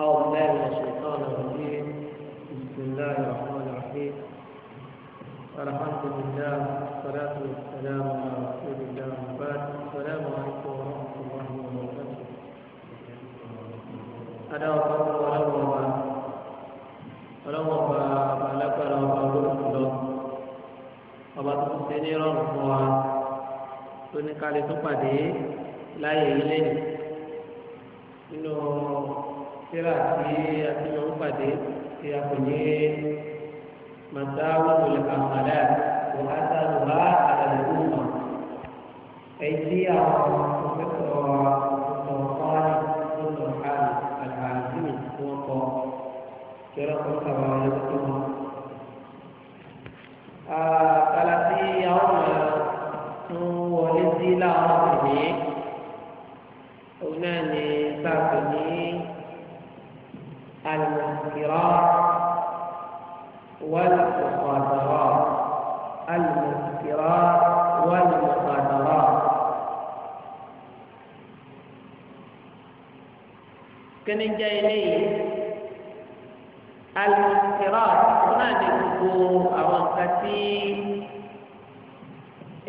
أعوذ بالله من الشيطان الرجيم بسم الله الرحمن الرحيم الحمد لله والصلاة والسلام على رسول الله وبعد السلام عليكم ورحمة الله وبركاته أنا أقول ولو ما ولو ما ملك لو ما له ọba tó ti ṣe ní rọrùn fún wa tó ní kálí tó pàdé láyé tíra tí a ti máa ń pàdé tí a kò ní màtáwó lè àmàlà kò á sá lò bá àlàyé mọ èyí tí àwọn pòfẹsọ ọkọọkọọni tó lọ àlè àlàyé tí wọn kọ tíra kọ sábà wọn lọ tó wọn. kala tí àwọn tún wọlé sí láwọn ọ̀gbìn òun náà ni sáà tó ní. المنكرات والمصادرات المنكرات والمصادرات كنجا إليه المنكرات هنا نقول أو كتير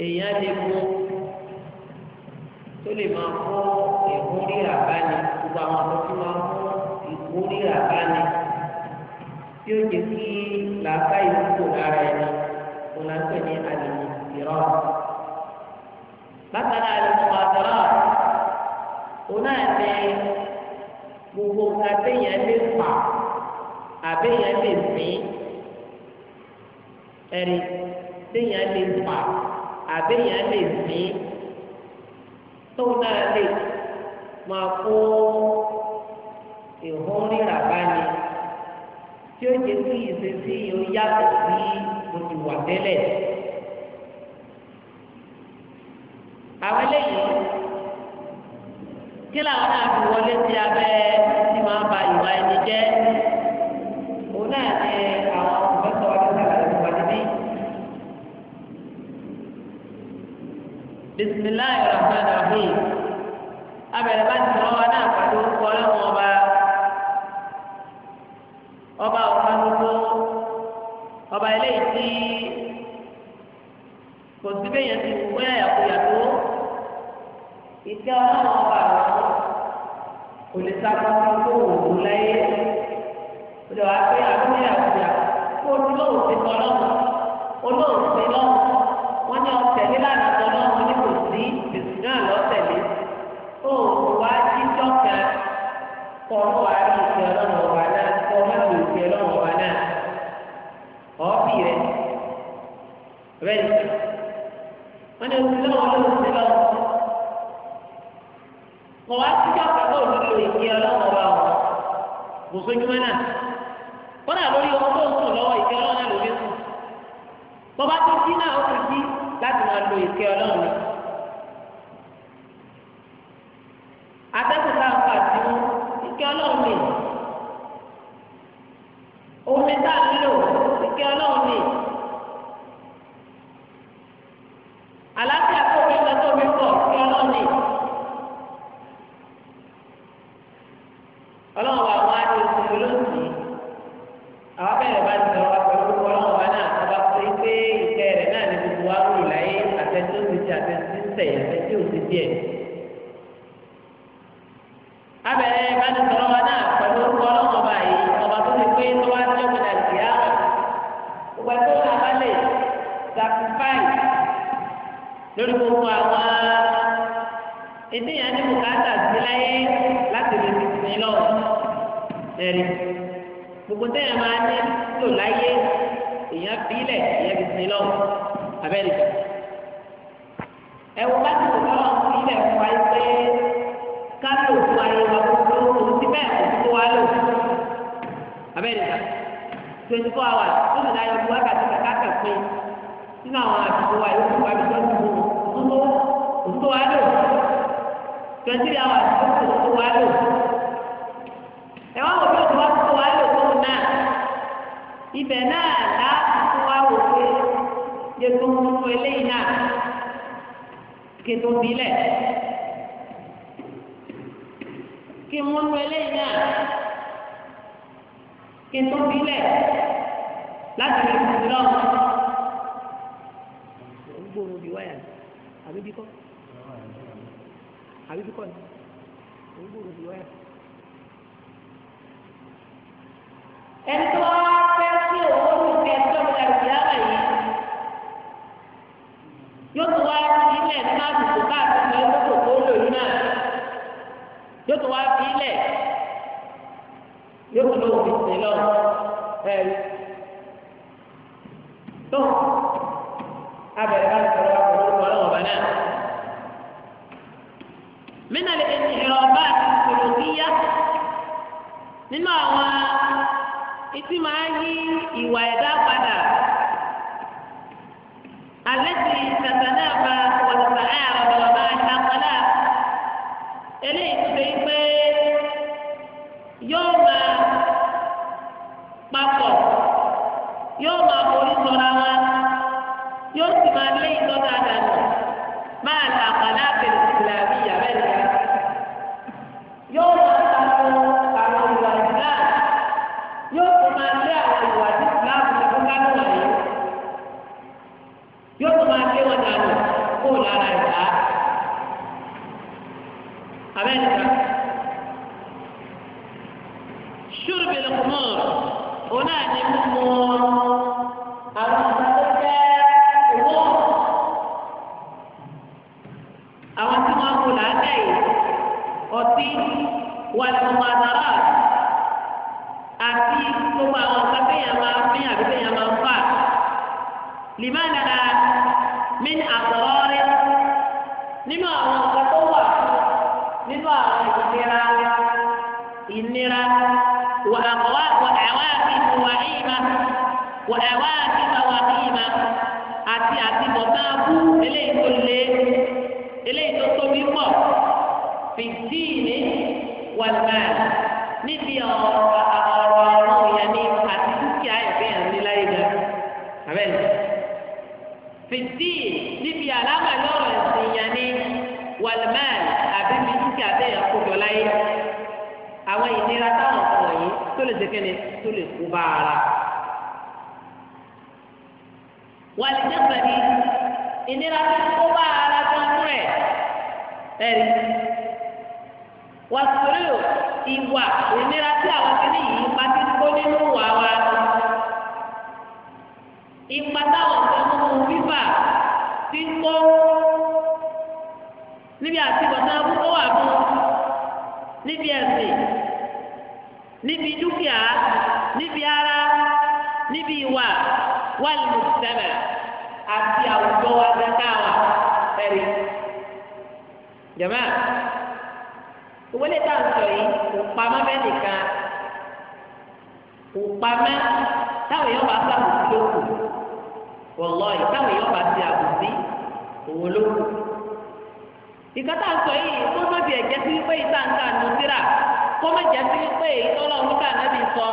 èèyàn lè mú tó lè gbogbo àwọn ọmọ tí ó jẹ kí làákà ìdúgbò lára ẹni kò láńpẹ ní àlejò ìrọ. bákan náà àlejò àtọrọ òun náà ní gbogbo nǹkan téèyàn lè fà àbẹ́yẹn lè sìn ẹ̀rí téèyàn lè fà àbẹ́yẹn lè sìn tóun náà lè máa kó. jẹ kí ìṣesí yóò yàtọ̀ sí bó ti wà tẹ́lẹ̀. àwọn eléyìí kí làwọn náà fi wọlé sí abẹ́ tí máa ba ìwà ẹni jẹ́. kò sójúmọ́ náà kọ́nà lórí ọmọ tó ń sùn lọ́wọ́ ìkẹ́ ọlọ́run náà ló dé sùn bọ́bá tó kí náà ó ti kí láti máa lo ìkẹ́ ọlọ́run náà. ẹ wá wò lóògùn wá fún wa lóògùn náà ibẹ̀ náà láti fún wa wò pé jésù ń fún eléyìí náà kẹtọ bílẹ̀ kí n mú eléyìí náà kẹtọ bílẹ̀ láti lè fún mi lọ́wọ́. gbóòórùn bí wáyà àbí bí kọ́ àbí bí kọ́ ni gbóòórùn bí wáyà. ẹni tó wá fẹ́ sí owó ní ìgbẹ́ ẹjọ́ mi láti fi hàn yìí yóò tún wá ilẹ̀ ní àsìkò káàkiri lọ sí kòkó lòyún náà yóò tún tí máa yí ìwà ẹ̀dá padà lé wọn dànù kó lára ìdá abẹ́ẹ̀dá ṣùrùbí lọ́kùnmọ́ òun náà ní mímú àwọn ọ̀gá tó jẹ́ owó àwọn tí wọ́n kú làákà yìí ọtí wà ní ọmọ àdàrà àti gbogbo àwọn ọ̀gá tó yàn máa fi àbí tó yàn máa fà lìmánà náà. من أضرار نما وقتوا نما إنرا إنرا وأقوات وعواقب وعيمة وعواقب وعيمة àti àti bọ̀tá abú eléyìí tó lé eléyìí tó tóbi pọ̀ fìdíìní wàlúmà níbi ọ̀rọ̀ ọ̀rọ̀ ọ̀rọ̀ yẹn ní àti dúkìá ẹ̀fẹ́ yẹn ní láyé gan fìdí níbi àlámà lọ́rọ̀ ẹ̀sìn yẹn ní wàlmáàlì àbí mísíkì àbẹ́ ẹ̀kọ́jọ láyé àwọn ìnira táwọn ọ̀sán wọ̀nyí tó lè ṣe kẹ́ni tó lè kú bá ara. wàlìjẹ́pẹ̀ ni ìnira tó kú bá tó ń rẹ̀ ẹ̀rí. wàsíwò ìwà ìnira tí àwọn kìnnìyí bá ti kó nínú wàá ipa táwọn ọ̀sẹ̀ mímu fífà ti ń kó níbi àti ìbọ̀tá púpọ̀ wà fún níbi ẹ̀sìn níbi dúkìá níbi ara níbi ìwà wàlúù sẹ́mẹ̀ àti àwùjọ wa gẹ́gẹ́ wa ìwọlé tá à sọ yìí kò pamọ́ bẹ́ẹ̀ nìkan kò pamọ́ táwọn èèyàn bá sábà lókun wọlọ ìtàwọn èèyàn bá ti àbùsí òwò ló kù ìkátà sọ yìí tó má ti ẹ̀jẹ̀ sí wípé ìta ń ta nù síra kó má jẹ́ sí wípé ìtọ́lọ́ ń kà nábì sọ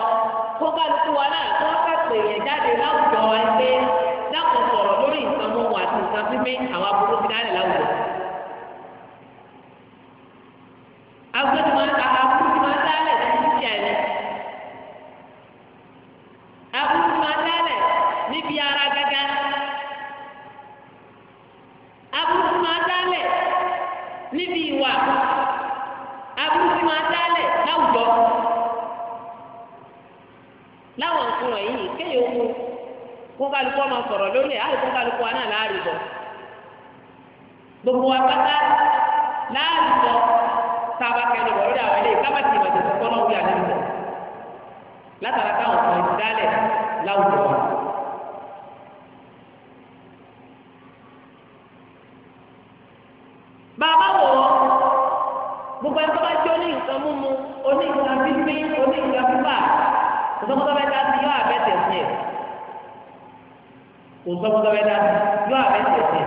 kó bá ti wà náà kó wọ́n fẹ́ pè yẹn jáde láwùjọ ẹgbẹ́ dákọ̀ sọ̀rọ̀ lórí ìsọmọ àti ìsọfímẹ́ àwọn aburú ti dálẹ̀ láwùjọ. kò sọ́kọ́ tọ́wẹ́ dá yóò àbẹ́ tẹ̀sẹ̀.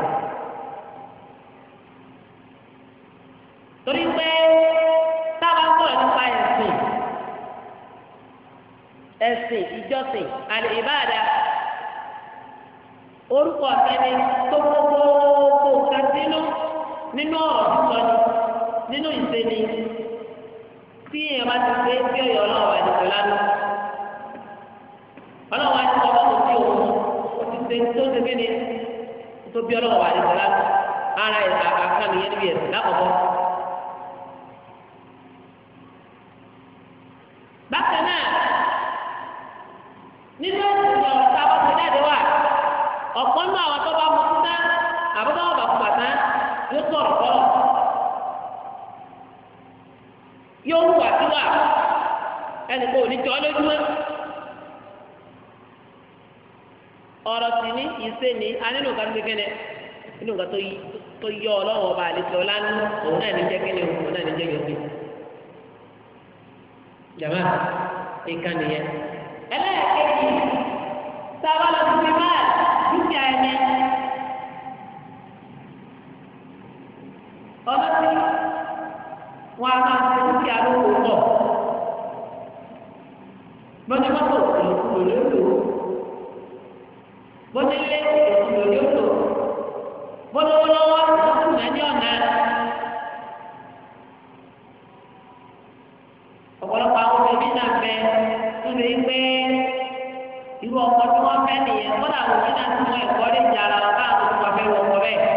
torí pé táwa ń bọ̀ nípa ẹ̀sìn ẹ̀sìn ìjọsìn àlè ìbáàdà orúkọ ọ̀sẹ̀ni tó gbogbo nǹkan sínú nínú ọ̀rọ̀ sísọ ni nínú ìsẹ́ni tí èèyàn bá ti ṣe é tí ọ̀yọ́ ọlọ́wọ́ àdìgbò lánàá ọlọ́wọ́ àdìgbò pé tó ṣe kí ni tó bí ọlọ́wọ́ wà ní sọ́lá ara ẹ̀ àkànnìyẹn níbi ẹ̀sìn bọ́dé lé ìdọ̀tún lòdì òtò bọ́dé owó lọ́wọ́ ìdọ̀tún náà ní ọ̀nà. ọ̀pọ̀lọpọ̀ àwọn obìnrin náà fẹ́ tó lè pé irú ọkọ tí wọ́n fẹ́ nìyẹn kọ́dà àwọn obìnrin náà ti mọ ẹ̀kọ́ lè jẹ ara wọn káàkiri wọn fẹ́ wọ ọkọ bẹ́ẹ̀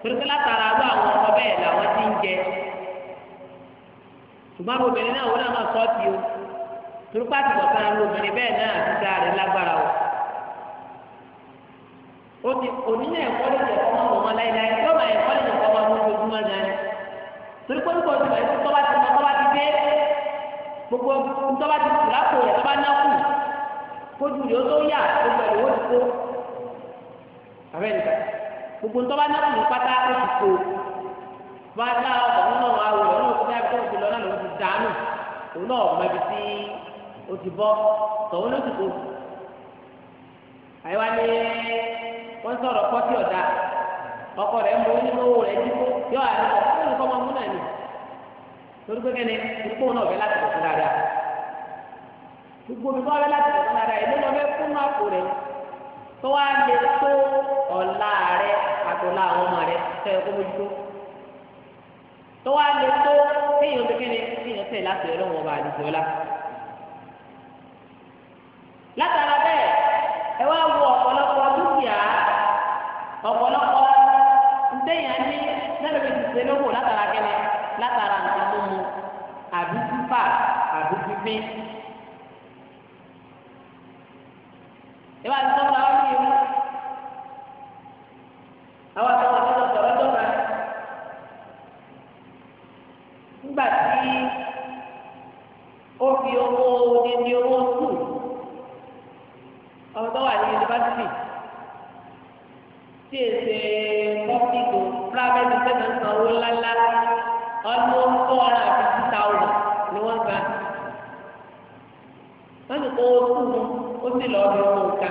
pèrèkè látara àgbà àwọn ọkọ bẹ́ẹ̀ làwọn ti ń jẹ ṣùgbọ́n àwọn lóbìnrin bẹ́ẹ̀ náà ti dáa rẹ̀ lágbára o nínú ẹ̀kọ́ lè jẹ́ ọmọ ọmọ láíláí yọ máa ẹ̀kọ́ lè jẹ́ ọmọ ọmọ ojoojúmọ́ gan. torí pé nípa oṣù mẹ́tò tọ́ba ti mọ tọ́ba ti dé gbogbo tọ́ba ti tù lápò rẹ̀ tọ́ba náà kù kójú rẹ̀ ó tó yà gbogbo ẹ̀ lówó ti kó. àbẹ́ nìkan gbogbo tọ́ba náà kù pátá ó ti kó. bá a dá ọ̀hún náà wá wọlé ọ̀hún òkúta ẹ̀kọ́ òkú lọ náà ló ti dànù òun náà ọ̀gbọ́n ibi tí ó ti bọ́ tọ̀hún ló ti kó. àyẹ̀wò wọ́n sọ̀rọ̀ kọ́ tí ọ̀dà ọkọ rẹ̀ mú nínú owó rẹ̀ dípò yọ àná fún nǹkan ọmọ múnà ni torí pé kẹ́ni ìdúpọ̀ náà fẹ́ láti lọ́sùn dáadáa gbogbo mi kọ́ fẹ́ láti lọ́sùn dáadáa èmi náà fẹ́ fún àpò rẹ̀ tó wá lè tó ọ̀la rẹ̀ àtọ̀la àwọn ọmọ rẹ̀ tẹ́ ẹ kó mójútó tó wá lè tó kéèyàn pé kẹ́ni kéèyàn tẹ̀ láti ẹ̀ lọ́wọ́ ọba àdìsí ọ̀la látara bẹ́ẹ̀ ẹ wá wo ọ̀pọ̀lọpọ̀ dúkìá. ọ̀pọ̀lọpọ̀ ntẹ̀yìn ní lẹ́nu bí ti ṣe lówó látara kẹ́lẹ́ látara nǹkan mímu àbí fífà àbí fífín. ìwà àti sọ́kà wọ́n ti yẹ àwọn àtàwọn tó lọ sọ̀rọ̀ tó nígbà tí ó fi owó ní owó sùn wà ní yunifásitì. tí èsè mọ́kìtò private sector san owó ńláńlá ọdún four hundred and fifty thousand ni wọ́n gbà. wọ́n ti kó owó kú ó sì lọ́ọ́ bí owó ká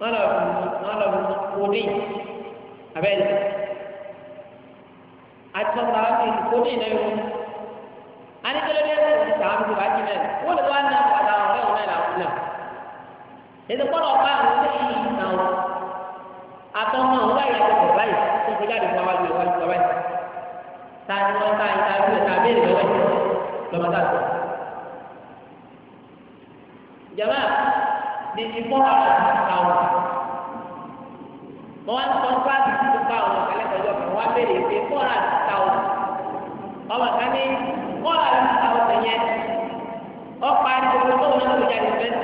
wọ́n lọ bí wọ́n lọ bí kóní abẹ́rẹ́ àti ọ̀sán àwọn ènìyàn kóní náà yóò anikele bẹ ẹfẹ ti sàn ti bàjẹ́ náà wọn lè wá náà padà ọ̀rẹ́ wọn náà làwọn náà ètò kọlọ ọba àwọn ilé yìí náà àtọmọ àwọn báyìí àtọmọ báyìí tó fi jáde fún awájú ìwájú ìwájú báyìí ta ni wọn ta ìta ìlú ẹta béèrè lọ́wọ́ lọmọ tá a sọ. jama ní ìfọ́ àwọn àtàkà wọn wọn wá ń sọ fún àti títún fún àwọn ọ̀kẹ́lẹ́kọ̀ọ́ ìjọba wọn wá béèrè pé fọ́ọ̀rọ̀ àtàkà wọn ọmọ kan ní fọ́ọ̀rọ̀ àtàkà wọn yẹn ọkọ̀ àdìgbò tó wọn ń lò jáde fẹ́ẹ́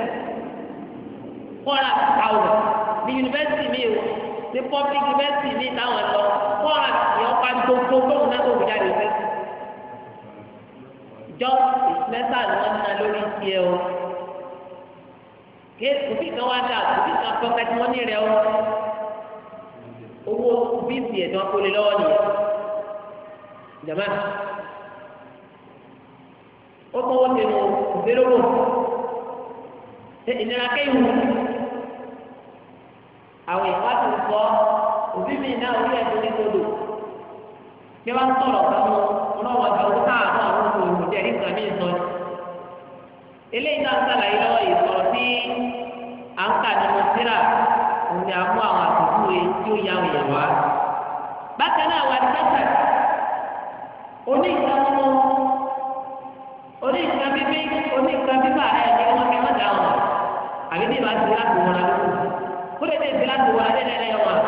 fọ́ọ̀rọ̀ àtàkà wọn ní yunifásitì mi ò ní public university ní táwọn lọ fọ́ọ̀rọ̀ àti ọ̀pá gbogbo fóònù náà tó fi jáde fẹ́sì. just ìsinẹ́sà ni wọ́n ná lórí tiẹ̀ o kí kòtí kan wá dà kòtí kan pọ́kẹ́tì wọ́n ní rẹ̀ o owó bíìsì ẹ̀dọ́ akólé lọ́wọ́ nìyẹn jama ó kọ́ wọ́n ti nù òbí lówó ìnira kẹ́yìn wò. àwọn ìwà ti ń sọ òbí mi náà orí ẹ̀dùn ní kodò bí wọ́n ń sọ̀rọ̀ kan mọ́ ọlọ́wọ́ ọjọ́ owó káàánú àwọn ọmọ òòrùn jẹ́rí nǹkan mí sọ ni. eléyìí náà sàlàyé lọ́wọ́ ìsọ̀rọ̀ síra òun ni mú àwọn àtúntò tí ó wá. bákan náà wà ní kẹta oní kódé tẹ̀ sí láti la tẹ̀lé ẹ̀yẹ wọn.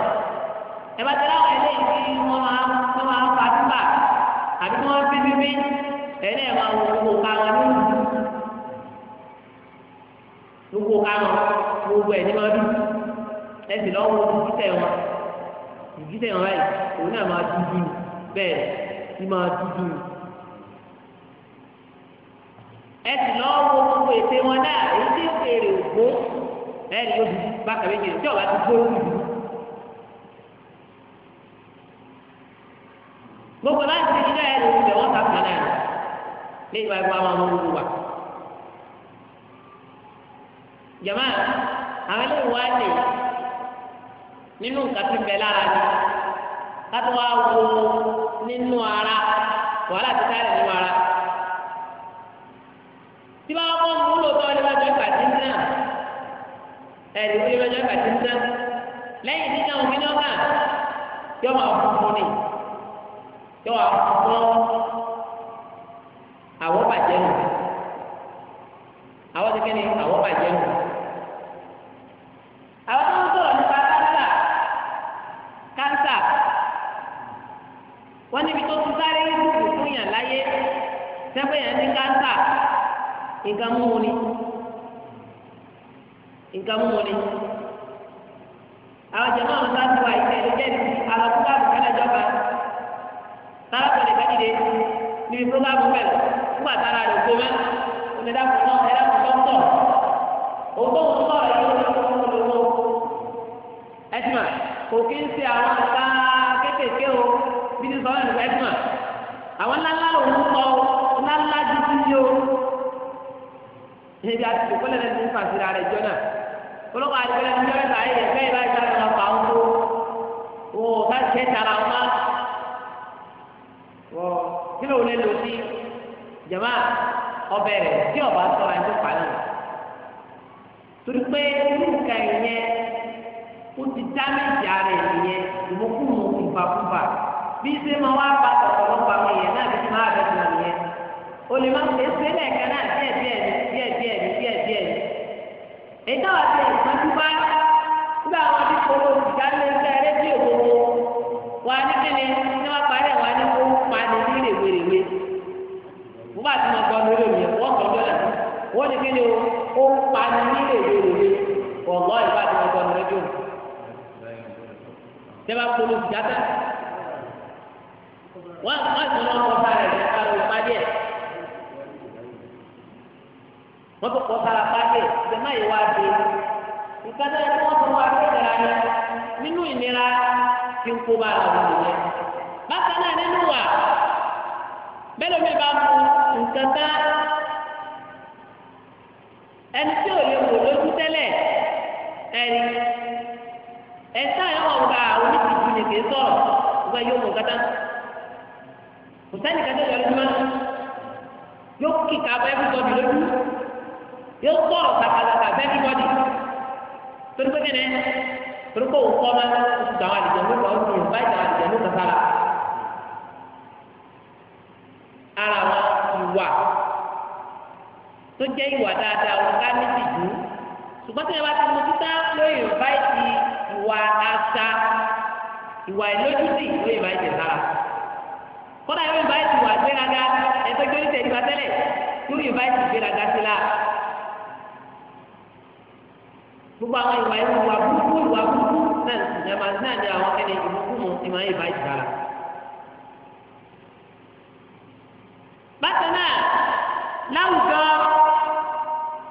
ẹ fa wọn ní ìlú gbogbo ká wọn gbogbo ẹ̀ ní máa dùn wọn ìdíkítẹ̀ wọn báyìí òun náà máa dúdú bẹ́ẹ̀ ní máa dúdú ẹ̀sìn na ẹni yóò dúdú bákan méjì tí ọba ti gbóòórùn dúdú. gbogbo láti ṣe iná ẹni ìbẹ̀ wọ́n ta fún náà ní ìgbà ìgbà wọn wọn wúwa. jama àwọn eléyìí wá lè nínú nǹkan bẹ lára ni láti wá wo nínú ara wàhálà ti sáré nínú ara. tí bá wọn mú lòótọ́ ní wájú ìgbà tí náà ẹ̀rí wọ́n yọjọ́ ìgbà tí ń tán lẹ́yìn tí náà omi náà kà yọ máa funfun ni yọ máa funfun àwọ̀ bàjẹ́ nù àwọ̀ tẹ́kẹ́ ni àwọ̀ bàjẹ́ nù. wọ́n níbi tó ti sáré ìdúró fún yàn láyé sẹ́gbẹ̀yàn ní kánsà nǹkan mú un ni nǹkan mú wọlé. àwọn jẹ̀mọ́ àwọn sáà ti wá ìfẹ́ ló jẹ́ ìdí àwọn tó bá bùkálà jọba sára tó lè fẹ́ dìde níbi programu mẹ́lẹ̀ fún àtàrà rẹ̀ gbé mẹ́ onídà kùnà ẹ̀rá kùnà tọ̀ òun tó ń sọ̀rọ̀ yìí ló ń kó lówó kò kí ń ṣe àwọn ọ̀tá kékèké o bí ti sọ̀rọ̀ nípa àwọn ńláńlá lòún sọ níbi àti ìkọ́lẹ̀ lẹ́nu ń fàṣírà rẹ̀ jọ náà olóko àdìgbẹ́lẹ́ ní ọ̀rẹ́ sàáyé yẹn fẹ́ ìbá ìta lọ́wọ́ pa ń kó wò ó ká ṣe tara wọn má wò ó kí ló lè lò sí jama ọbẹ̀ rẹ̀ tí ọba sọ̀rọ̀ àti pàánù torí pé nǹkan ìyẹn ó ti dá méjì ara ẹ̀ nìyẹn ìmọ̀kùnmọ̀ ìfàkùfà bí ṣe máa wá bá tọ̀tọ̀ lọ́pàá wọn yẹn náà ti máa bẹ̀rẹ̀ o lè má ṣe é ṣe lẹ́ẹ̀kan náà díẹ̀ díẹ̀ ní díẹ̀ díẹ̀ ní díẹ̀ díẹ̀ ní. èyí náà ṣe ìtọ́jú bá nígbà wọn ti polówó ìdánilẹ́ iṣẹ́ rédíò gbogbo wa ní kíni ní wọ́n parí ẹ̀ wá ní kó pa ní nílé wèrèwé. mo bá ti mọ gbọ́ lórí omi wọ́n kọ́ dọ́là wọ́n ní kíni ó pa ní nílé wèrèwé ọ̀gbọ́n ìbá ti mọ gbọ́ lórí rédíò. tẹ́ bá polówó ìdá wọn wọn sọ wọn wọ́n tó kọ́ sára pàdé ìjọba yìí wá dé nǹkan tó yẹ kí wọ́n tó wá sí ìlera yẹn nínú ìnira tí ń kó bá ara wọn nìyẹn. bákan náà nínú wa bẹ́ẹ̀ ló mi bá mú nǹkan tá ẹni tí ò lè wò lójú tẹ́lẹ̀ ẹ̀rí ẹ̀sà yẹn wọ́n gba oníṣègùn nìkan sọ̀rọ̀ wọ́n yóò mú nǹkan kò sẹ́ni kan yọ lójú mọ́ yóò kíkà bá ẹ̀kú sọ́ọ̀bì lójú yóò sọ̀rọ̀ kàkàkàkà bẹ́ẹ̀ ní bọ́dì torí pé kíni torí pé òun kọ́ máa ń sùn àwọn àlejò ló kọ́ ọ́n yorùbá ìjà àlejò ló kàkà rà ara wọn ìwà tó jẹ́ ìwà dáadáa wọn ká ní tìjú ṣùgbọ́n tí wọ́n bá ti mú títà lórí yorùbá ìtì ìwà àṣà ìwà ìlójútì lórí yorùbá ìtì sára kọ́dà yorùbá ìtì ìwà gbéraga ẹ̀fẹ́ gbé gbogbo àwọn ìwà ìwà ìwà burúkú ìwà burúkú náà ìjàmbá náà ni àwọn ẹni ìmọ̀kúmọ̀ ti máa ń ìbá la. bákan náà láwùjọ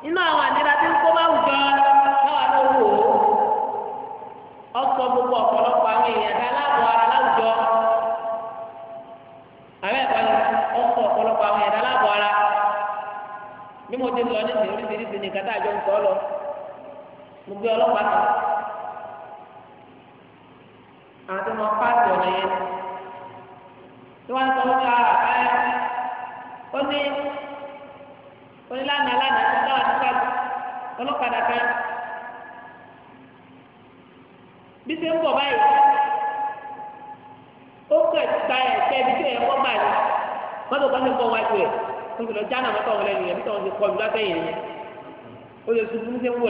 inú àwọn àdéhà tí ń kó láwùjọ káwa ló wò ó gbogbo ọ̀pọ̀lọpọ̀ àwọn èèyàn mo gbé ọlọ́pàá kan àwọn tó máa pàṣẹ ọ̀nà yẹn tí wọ́n sọ wípé ah, ẹ ó ní ó ní lánàá lánàá tó náà nígbà ọlọ́kadà kan bí ṣe ń bọ̀ báyìí ó kẹ̀ ta ẹ̀kẹ́ bí ṣe ẹ̀kọ́ gbà ní mọ́tò kan ti ń bọ̀ wájú ẹ̀ tó ń fi jáná mọ́tò ọ̀hún lẹ́nu yẹn bí tọ́wọ́n kọ́ ìlú látẹ̀yìn yẹn ó lè sùn fún ṣé ń wò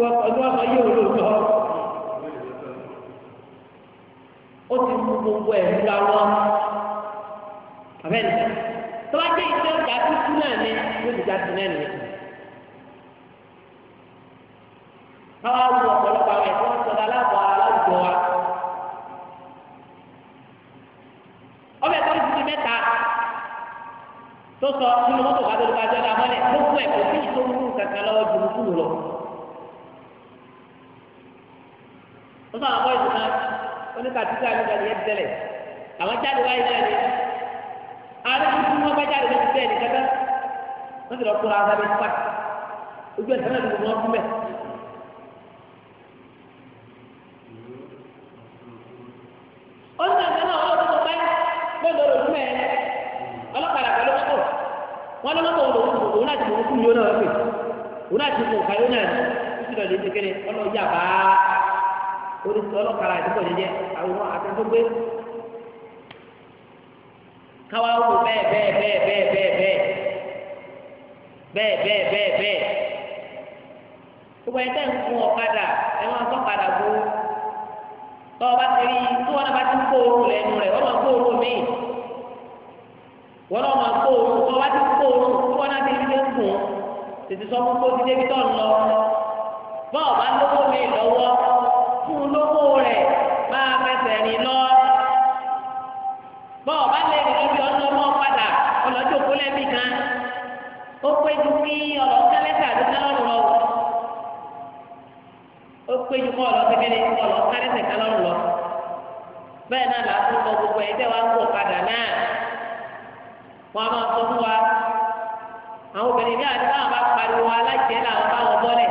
wọn pẹ̀lú àwọn yóò lò lọ. ó ti mú gbogbo ẹ̀ múra wọn. àbẹ́ni tó bá dé ìṣe ìjà tuntun náà ni yóò ti já sí náà nìyẹn. káwá wù ọ̀pọ̀lọpọ̀ àwọn ẹ̀kọ́ sọ̀rọ̀ aláàbọ̀ aláwùjọ wa. ọbẹ̀ tó ti di mẹ́ta tó sọ nínú mọ́tò kájọ́ ló bá jọ́ dá mọ́lẹ̀ gbogbo ẹ̀ kò sí ìṣòro kankan lọ́wọ́ jùlọ kúrò lọ. wọ́n fún bọ́ọ̀lù kan oníkàtúntà nígbà yẹn tẹ́lẹ̀ àwọn jáde wáyé náà ni àwọn tí wọ́n bá jáde lọ́sí bẹ́ẹ̀ ní kẹta wọ́n ti lọ kóra ara bẹ́ẹ̀ fà ojú ẹ̀sán náà ni wọ́n fún bẹ́ẹ̀. oníkàtúntà náà wọ́n lọ́wọ́ bẹ́ẹ̀ bẹ́ẹ̀ lọ́rọ̀ ọdún mẹ́ẹ̀ ọlọ́kadà pẹ̀lú mọ́tò wọn lọ́wọ́ mọ́tò wọn òun náà wọ́pẹ̀ òun oríṣi ọlọ́kara àdúgbò jẹjẹ àwọn àtẹnugbé káwá wò bẹ́ẹ̀ bẹ́ẹ̀ bẹ́ẹ̀ bẹ́ẹ̀ bẹ́ẹ̀ bẹ́ẹ̀ bẹ́ẹ̀ bẹ́ẹ̀ bẹ́ẹ̀ bẹ́ẹ̀ gbogbo ẹni tẹ́ ń gun ọ̀kadà ẹ máa sọ̀kadà gbó tọ́wọ́ bá ti rí i tí wọ́n náà bá ti ń kó oorun lẹ́nu rẹ̀ wọ́n máa kó oorun mí wọ́n náà máa kó oorun tọ́wọ́ bá ti kó oorun tí wọ́n náà ti rí i ń tètè sọ fún kó ti débi tó ń lọ bọ́ọ̀ bá lówó mi lọ́wọ́ fún lówó rẹ̀ máa fẹsẹ̀ rìn lọ. bọ́ọ̀ bá lè rìn lọ́bí ọdún ọmọ padà ọlọ́jọ́ òkú lẹ́bí kan ó pé ju kí ọlọ́ọ̀kẹ́ lẹ́tà àdúgbò lọ́rùn lọ. ó pé ju kọ́ ọlọ́ọ̀kẹ́ ọlọ́ọ̀kẹ́ lẹ́tà lọ́rùn lọ. bẹ́ẹ̀ náà làásù lọ gbogbo ẹ̀ tẹ́ wàá gbọ́ padà náà wọ́n á máa sọ fún wa àwọn obìnrin ní àdúrà wọn bá pariwo aláìsẹ́ làwọn bá wọn bọ́lẹ̀.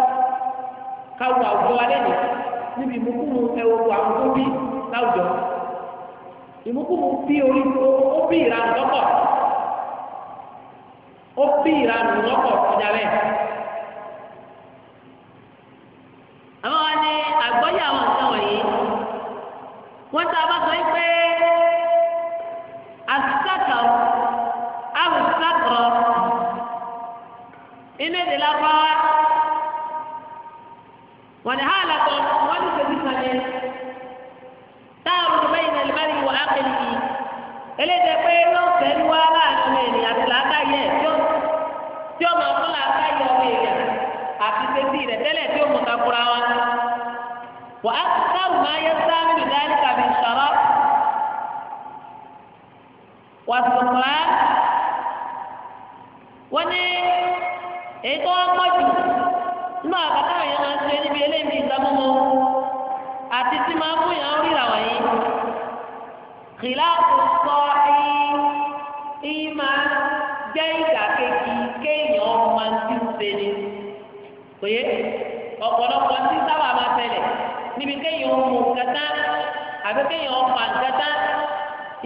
káwọ àwùjọ alẹ́ ni níbi ìmúkúmu ẹwọ́wù àwọn tó bí láwùjọ bi ori orí ó bí ìranù lọ́pọ̀ ó bí ìranù lọ́pọ̀ ọjà bẹ́ẹ̀. àwọn wa ní àgbọ́yé àwọn nǹkan wọ̀nyí wọ́n tá a bá sọ pé wọ́n ní hàlà tó wọ́n ní sèbi kalẹ̀ táàrù ní bẹ́yìn náà lẹ́bàá yìí wọ́n á kẹ́lì yìí eléyìí pé yóò fẹ́ wá láàrin ẹ̀rìn àti làákàyè tí ó máa fún làákàyè ọmọ èèyàn àti sèbi rẹ̀ tẹ́lẹ̀ tí ó mú kakura wa wọ́n á táàrù máa yẹ sáàmì ìdáyẹ̀lì kàbí ìṣọ̀rọ̀ wọ́n ti sọ̀rọ̀ wọ́n ní èyí nínú àbàtà yẹn máa ń ṣe níbi eléyìí ìsàmúmọ àti tí máa ń mú yàn án ríra wọ̀nyí kìlá kò sọ ẹyí máa jẹ́ ìdàkejì kéèyàn ọmọ ti ń ṣe ni òye ọ̀pọ̀lọpọ̀ ti sábà máa tẹ̀lẹ̀ níbi kéèyàn mú kẹta àbí kéèyàn ọ̀pá kẹta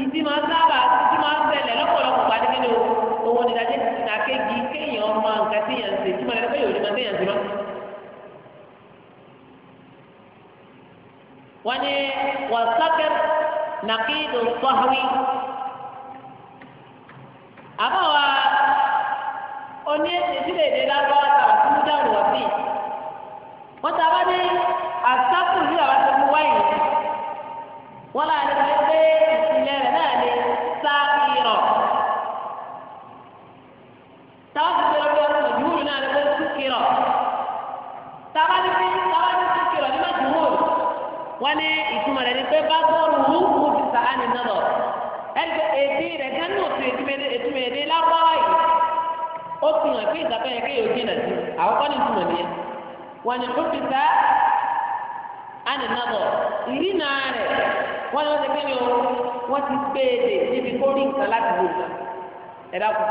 ìdí máa sábà ìdí máa ń tẹ̀lẹ̀ lọ́pọ̀lọpọ̀ pàdé kéde o òun ìdàkejì kéèyàn ọmọ nǹkan tí yàn ń ṣe tí mo lè fẹ́ yòó ni mo tẹ̀yàn sí lọ́wọ́. wọ́n ní wàsákẹ́ nàkídò sọ́háwí. àmọ́ wa oní ìdílé èdè lágbára tàbí tí mo dáhùn wọ́n sí. wọ́n ta bá ní àsákù ní àwọn tó mú wáyé. wọ́n láti fi pé ìpìlẹ̀ rẹ̀ náà ní sáfìrọ̀. táwọn ti fi lọ́wọ́ ìjúwòrán náà ní kó súkìrọ̀. táwọn ti fi táwọn ti wọ́n ní ìtumọ̀ rẹ̀ ni pé bá bọ́ọ̀lù mú mú ti sàá ní nọ́dọ̀ ẹgbẹ́ èdè rẹ̀ kan ní òtún ètùmọ̀ èdè lábáwá yìí ó fi hàn pé ìgbà tó yẹ kéèyàn jìnà sí àkọ́kọ́ ní ìtumọ̀ nìyẹn wọ́n ní fún ti sàá ní nọ́dọ̀ ìrìnà rẹ̀ wọ́n ní wọ́n ti kéèyàn wọ́n ti gbé èdè níbi kó rí nǹkan láti wò ẹ̀dá kù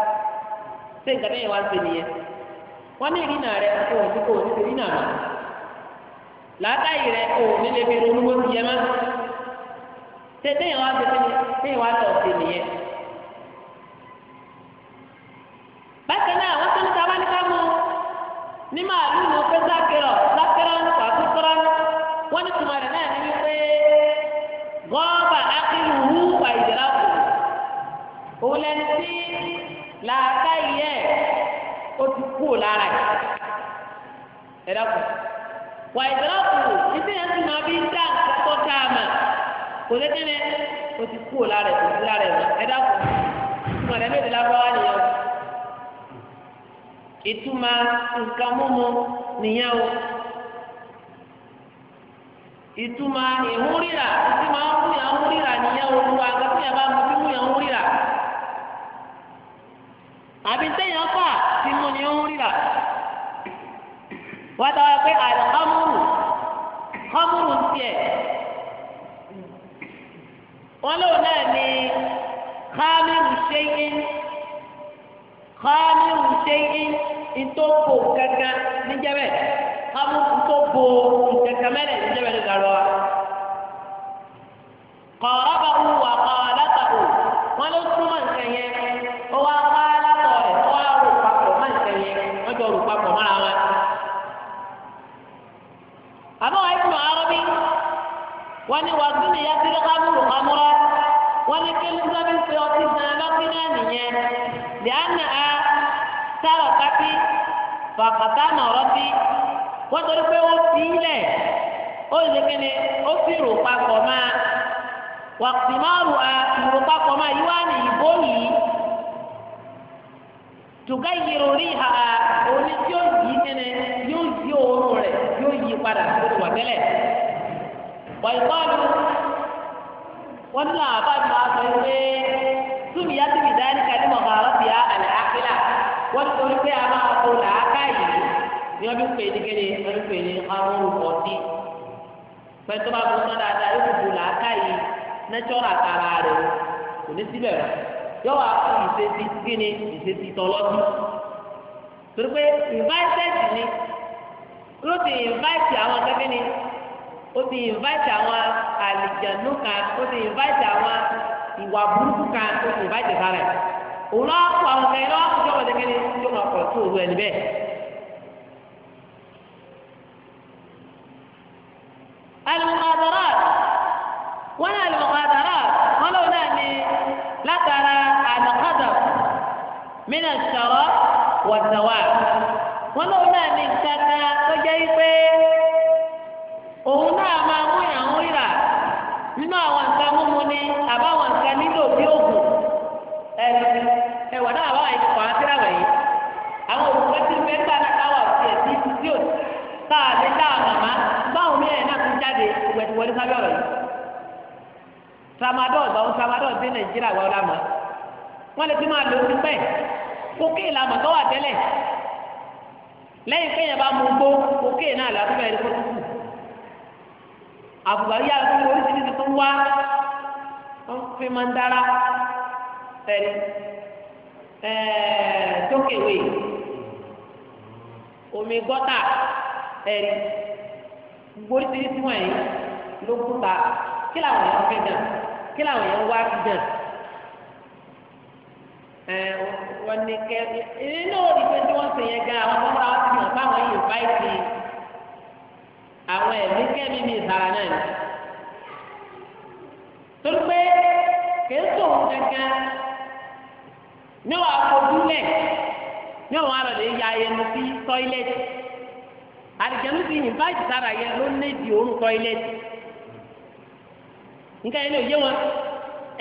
sí nǹkan tó wá ń ṣe nìyẹn wọ́n ní ìrìnà rẹ̀ kó o ní kó o ní látàyè rẹ o nílé fi ronú bó ti yẹ má ṣe téèyàn wá ṣe téèyàn wá tọ̀ sí nìyẹn. bákan náà wọ́n tún ní sábà ní ká mú ní màálùú ní pé zákìrọ̀ zákìrọ̀ ní pàtúkọ́rọ́ wọ́n ní tùmọ̀ rẹ̀ náà ní wípé gọ́ọ̀bà ákìlù hù àìjẹ́lá kù òun lẹni tí làákàyè ó ti kú lára ẹ̀ ẹ̀dá kù wà ìdọ́lọ́pù ìsìnyẹn ti máa bí dá nǹkan tó tá a mà kò lé kẹ́lẹ́ o ti kú o lára ẹ̀ kò sí lára ẹ̀ mọ́ ẹ dákun ìtumọ̀ rẹ̀ méjìlá bá wà nìyẹn o ìtumọ̀ nǹkan múmu nìyẹn o ìtumọ̀ ìhúnrírà ìtumọ̀ ìhúnrírà ìhúnrírà nìyẹn o wà gbàtí yẹn bá mú bí mú yẹn ìhúnrírà àbí téèyàn kà tí mo ní ìhúnrírà wọ́n tọ́ ọ pé àlùkọ́mùrù kọ́mùrù ń tiẹ̀ wọ́n lóun náà ní kámírù ṣéyìn kámírù ṣéyìn ntòpò kankan níjẹ́bẹ̀ kámírù ntòpò kankan mẹ́rin níjẹ́bẹ̀ ló ga lọ́wọ́ wọ́n ní kí ló ń fi ọtí gan lọ́tí náà nìyẹn lẹ́yìn a sára kápí bàbàtà náà rọ́bí wọ́n torí pé ó fi ilẹ̀ ó lè kéde ó fi rò papọ̀ máa wàtí máa rò a rò papọ̀ máa yíwá ní ìbò yìí tùgá yìrò rí ha òní tí ó yí kéde yóò yí òórùn rẹ̀ yóò yí padà tó wà tẹ́lẹ̀ wàyí kọ́ àdúgbò wọ́n ní làwọn bá máa sọ pé túmí yá tìmí dání kàdé mọ̀ máa rọ́ọ̀tì yá àlẹ́ àkílà wọ́n ti sọ pé a máa kó làákà yìí ni wọ́n fi pè ní kéde wọ́n fi pè ní àwọn olùkọ́tì pẹ̀tọ́ bá bọ́ sọ́dọ̀ àti àyè kò làákà yìí nẹ́tọ́rọ̀ àtàrà rẹ̀ kò ní síbẹ̀ rẹ̀ yóò wá fún ìṣesí kíni ìṣesí tọ́lọ́tì torí pé ìnváìtẹ́ẹ̀tì ni ló ti ìnváìtì àwọn akẹ́kẹ́ ni ó ti invite àwọn àlìjànú kan ó ti invite àwọn ìwà burúkú kan ó ti invite sára ẹ̀ òun náà kọ àwọn kan iná kó jọmọ dẹkẹlẹ tó máa kọ tó òru ẹni bẹ́ẹ̀. alùpàdàrà wọn náà alùpàdàrà wọn lòun náà ní látara àlùkàdà mìíràn sọ̀rọ̀ wọn lòun náà ní kankan tó jẹ́ pé òun náà máa mú ìyàwó rà nínú àwọn nǹkan mímu ni àbáwọn nǹkan nílò bí òògùn ẹ ẹ wà náà àbáwọn ìdìbò àwọn tíra wẹ̀yìn àwọn òògùn tí ń bẹ nígbà náà káwà ẹ̀ sí tí ò tá a lè dá àmàmá báwọn mi ẹ̀ náà fi jáde ìwẹ̀tìwọlé sábẹ́ ọ̀rọ̀ yìí tramadol báwọn tramadol dé nàìjíríà wà ọ̀la mọ́ wọ́n lè ti máa lò ó ti pẹ́ kókè làmọ̀ tó wà tẹ́lẹ̀ lẹ́yìn kéèyàn bá mú gbó kókè náà làtúbẹ̀ ẹni kó tó àbùbáyé àti oríṣiríṣi tó ń wá wọn fi máa ń dára tẹ̀lé eh, tókèwé omi gọ́tà tẹ̀lé gbogbo oríṣiríṣi wọ̀nyí ló kúta kí làwọn èèyàn fẹ́ jàn kí làwọn èèyàn wá fi jàn eh, wọ́n ní kẹ́ ẹ̀ ẹ̀ ní ìdíje tí wọ́n ń sèyẹn gan àwọn ọmọ náà wọ́n ti mọ̀ fáwọn yìí báyìí àwọn ẹ̀mí kẹ́mi mi ìsara náà ni. torí pé kìí sòun kankan ní wàá fojúlẹ̀ ní àwọn àlọ́lẹ̀ ya ẹnu sí tọ́ílẹ̀tì àdìjẹ́nu ti yìn báyìí sára yẹn ló ní ìdí òórùn tọ́ílẹ̀tì nǹkan yẹn ló yé wọn